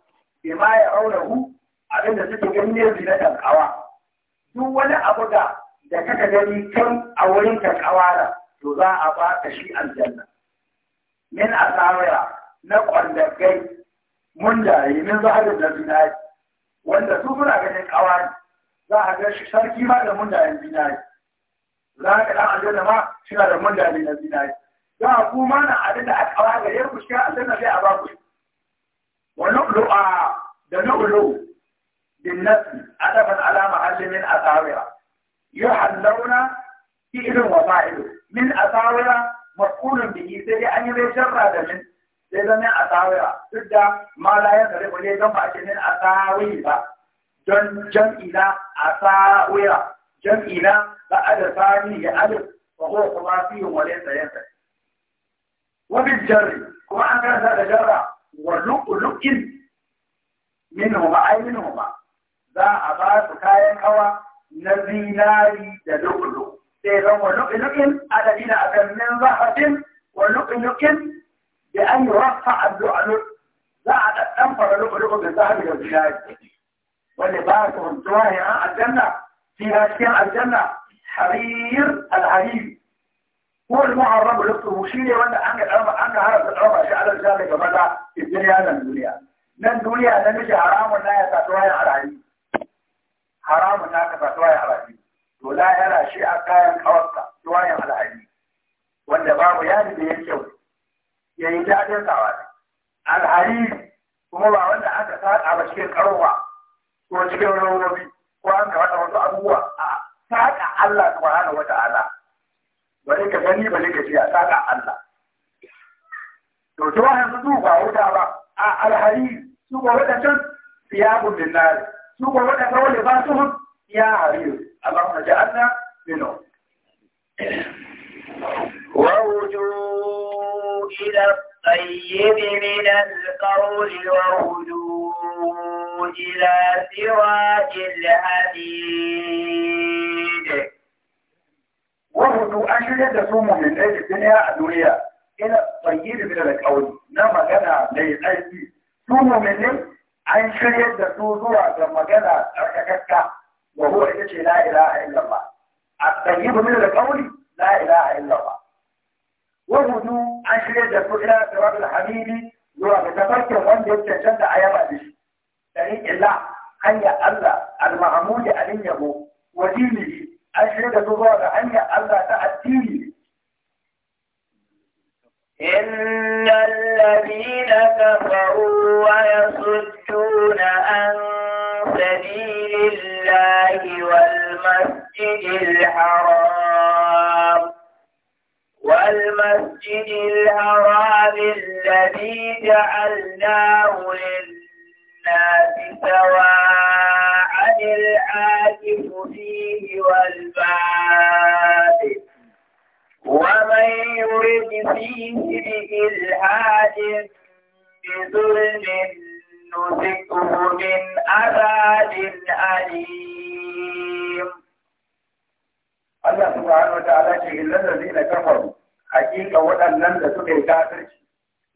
bai ma ya auna hu abinda suke gani ne zinatan kawa duk wani abu da da kaka gani kan a wurin ƙawa kawara to za a ba ta shi aljanna min asawira na ƙwandagai mun jaye min zaharin da zinari wanda su suna ganin kawai za a ga sarki ma da mun jayen zinari za ka dan da ma suna da mun jaye na zinari za a kuma na abin da aka kawai ga yau kuskure aljanna sai a ba ku wani a da nu'lu din nasi adaban ala mahallimin asawira yuhallawna ki irin wasa'ilu min asawira maf'ulun biki sai dai an yi bai sharra da min sai zan min asawira duk da ma la ya zare kule don ba a ce min asawiri ba don jam'i na asawira jam'i na ba a da sani ya alif wa ko kuma fiye wa laysa yansa wa bil jarri kuma an karanta da jarra wa lu'lu'in minhuma ay minhuma za a ba su kayan kawa na zinari da lu'lu sai zan wa lu'lu'in adadina akan min zahatin wa lu'lu'in بأن يرفع اللؤلؤ بعد أن تنفر اللؤلؤ بالذهب والزجاج ولباسهم سواه الجنة في شيء الجنة حرير الحرير هو المعرب لكم وشيء وانا أنا أنا عارف الأربع شيء على ذلك بدأ في الدنيا من الدنيا من الدنيا نمشي حرام ولا يتسواه على حرير حرام ولا يتسواه على حرير ولا يرى شيء كائن حوصة سواه على حرير ولا بابو يالي يعني بيجي ya yi daɗin sawa alhari kuma ba wanda aka saƙa ba cikin karuwa ko cikin rawobi ko an ka wasu abubuwa a saƙa Allah subhanahu wa ta'ala bari ka gani bari ka ji a saƙa Allah to to yanzu su ba wuta ba a alhariri su ko wadancan siyabun linnari su ko wata kawai ba su ya hariru Allahumma ja'al إذ من القول وهدوء إلى سراج الحديد وهدوء أشياء تسومه من أَيِّ الدنيا أَدْوِيَا إلى طيب من القول نما كان ليس أيدي، سومه من أجل أشياء تسومه كما كان أركككك وهو إليك لا إله إلا الله الطيب من القول لا إله إلا الله وهدوء an shirya da su ila sirabul hamidi zuwa ga tafarkin wanda ya cancanta a yaba da shi dari illa hanya Allah al-mahmudi alin yabo wa dinihi an shirya da su zuwa ga hanya Allah ta addini إن الذين كفروا ويصدون عن سبيل الله والمسجد الحرام والمسجد الحرام الذي جعلناه للناس سواء العاكف فيه والباب ومن يرد فيه بإلحاد بظلم نزقه من أباد أليم Allah subhanahu wa ta'ala ce illal ladina kafaru hakika waɗannan da suka yi kafirci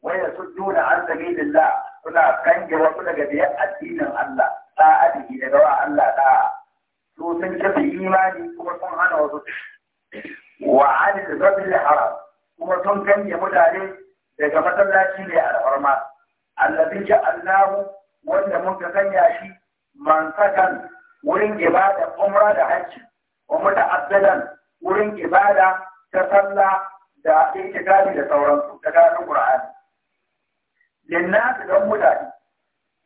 wa yasudduna an sabilillah suna kange wasu daga biyar addinin Allah da'ati daga wa Allah da'a su sun kafa imani kuma sun hana wasu wa da zabil haram kuma sun kange mutane daga masallaci ne alfarma allazi ja'alnahu wanda mun ka sanya shi man sakan wurin gaba da umra da hajji sallan wurin ibada ta sallah da itikadi da sauransu daga karatun Qur'ani linnas don mutane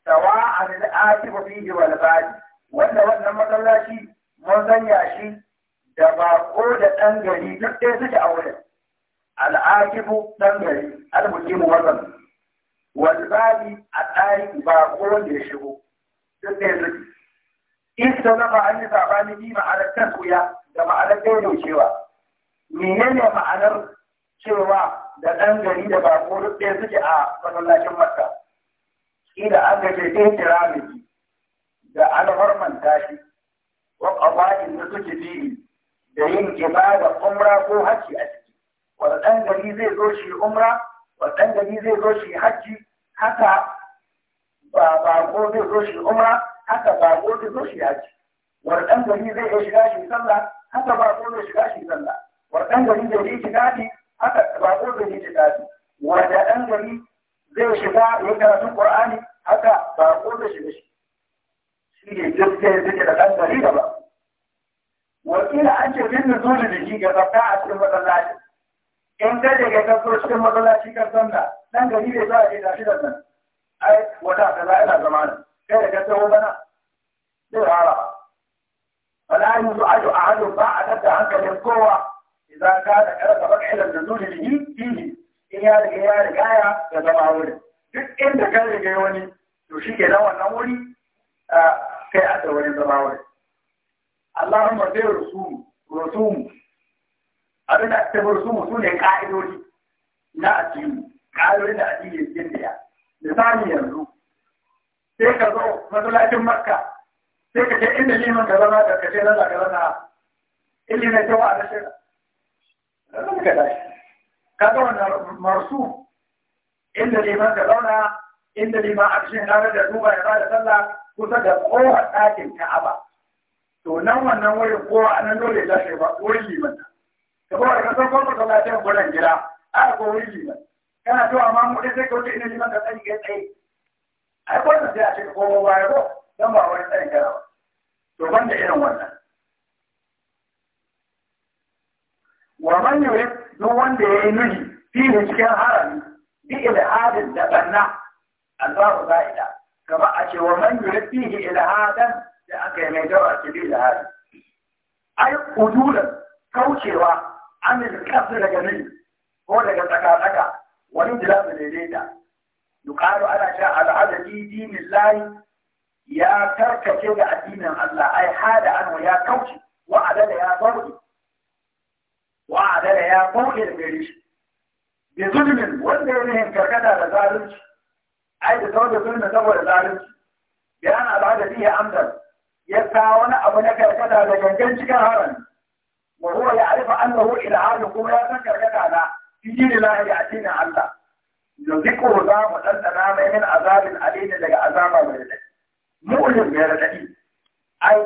sawa'an al'ati atifu fihi wal badi wanda wannan masallaci mun sanya shi da bako da ɗan gari duk ɗaya suke a wurin al'akifu ɗan gari al-muqimu wazan wal badi a tsari bako da ya shigo duk dai suke in ta an yi sabani ni ma'anar tasuya da ma'anar cewa, menene ma'anar cewa da ɗan gari da ba duk ɗaya suke a masallacin makka ila an gaje ɗin tiramiki da mantashi, ko wa ƙaba'in da suke jiri da yin ibada umra ko hajji a ciki wanda ɗan gari zai zo shi umra wanda ɗan gari zai zo shi hajji haka ba ko zai zo shi umra haka ba ko zai zo shi hajji wanda ɗan gari zai iya shiga shi sallah haka ba ko da shiga shi Wa dan gari da yi shiga shi haka ba ko da yi shiga shi wanda dan gari zai shiga ya karatu qur'ani haka ba ko da shiga shi shi ne gaskiya da take da dan gari da ba wakila an ce bin nuzuli da shi ga tsafta a cikin masallaci in ka je ka kaso cikin masallaci ka sanda dan gari bai za a je da shi da nan ai wata kaza ina zamanin. kai da ka tsawo bana la yuzu ahadu ba a tattara hankalin kowa idan ka da karka ba ilan da zuwa yi yi in ya riga ya riga ya da zama wurin duk inda ka riga wani to shi ke nan wannan wuri kai a da wani zama wurin Allahumma sai rusumu rusumu abin da ta rusumu su ne ka'idodi na addini ka'idodi na addini yake da ya misali yanzu sai ka zo masallacin makka sai ka ce inda liman ka zama da ka ce lalla ka zama illi mai kyau a da shi zama ka dashi ka ga wannan marsu inda liman ka zauna inda liman a cikin ranar da duba ya bada sallah kusa da kowar ɗakin ka'aba to nan wannan wurin kowa a nan dole ya shi ba wurin liman ka ba ka san kwamfa sallacin gudan gida a ko wurin liman kana to amma mu dai sai ka wuce inda liman ka tsaye tsaye ai kwanan sai a cikin kowa baya ko don ba wani tsayin gara ba to banda irin wannan wa man yurid duk wanda ya yi nuni fihi cikin harami bi ilhadin da banna Allahu za'ida kama a ce wa man yurid fihi ilhadan da aka yi mai dawa ce bi ilhadi ai udulan kaucewa an yi kasu daga nuni ko daga tsaka-tsaka wani jira daidaita yuqalu ana sha al'adadi layi. يا ترك شرع الدين الله اي حال عنه يا كوكي وعدل يا قولي وعدل يا قولي الميريش بظلم وزيرهم كذا لزالج اي بطول ظلم تبو لزالج بان العدد فيه عمدا يتعاون ابو لك كذا لجنجنش كهارا وهو يعرف انه الى عالي قوية فكر كذا لا في جيل الله يعطينا الله يذكره ذا مدلنا من عذاب الأليم لك عذاب الميريش mu'lim mai raɗaɗi ai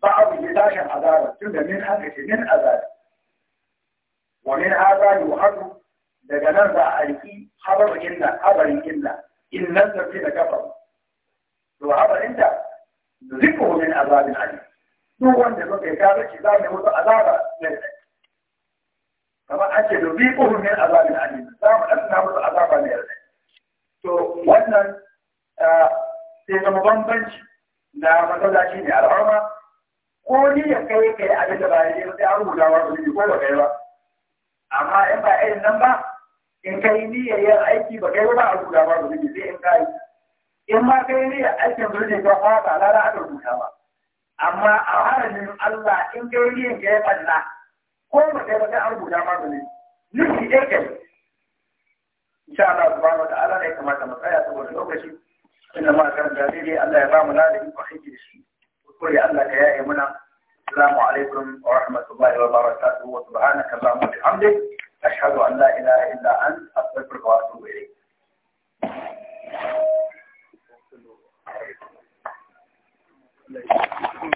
ba abu ya tashin azaba tun da min haka ce min azaba wa min haka yuhadu daga nan za a aiki habar illa habarin illa in nan tafi da kafa to habarin da zikru min azabin alim duk wanda suka kai kaza shi za mu musu azaba ne kamar ake da zikru min azabin alim za mu dan musu azaba ne to wannan ah, sai na bambanci na matsala shi ne ko ni ya kai kai abin da ba ya sai an rubuta wa ko ba kai ba amma in ba irin nan ba in kai niyyar aiki ba kai ba a rubuta wa su sai in kai in ma kai niyyar aikin zurfi ka ba lara aka rubuta ba amma a haramin Allah in kai niyyar ka yi ko ba kai ba sai rubuta su kai insha Allah subhanahu wa ta'ala inda ma kan da dai Allah ya ba mu ladin ko aiki da shi ko ya Allah ka yaye muna assalamu alaikum wa rahmatullahi wa barakatuh wa subhanaka allahumma wa bihamdik ashhadu an la ilaha illa ant astaghfiruka wa atubu ilayk Thank you.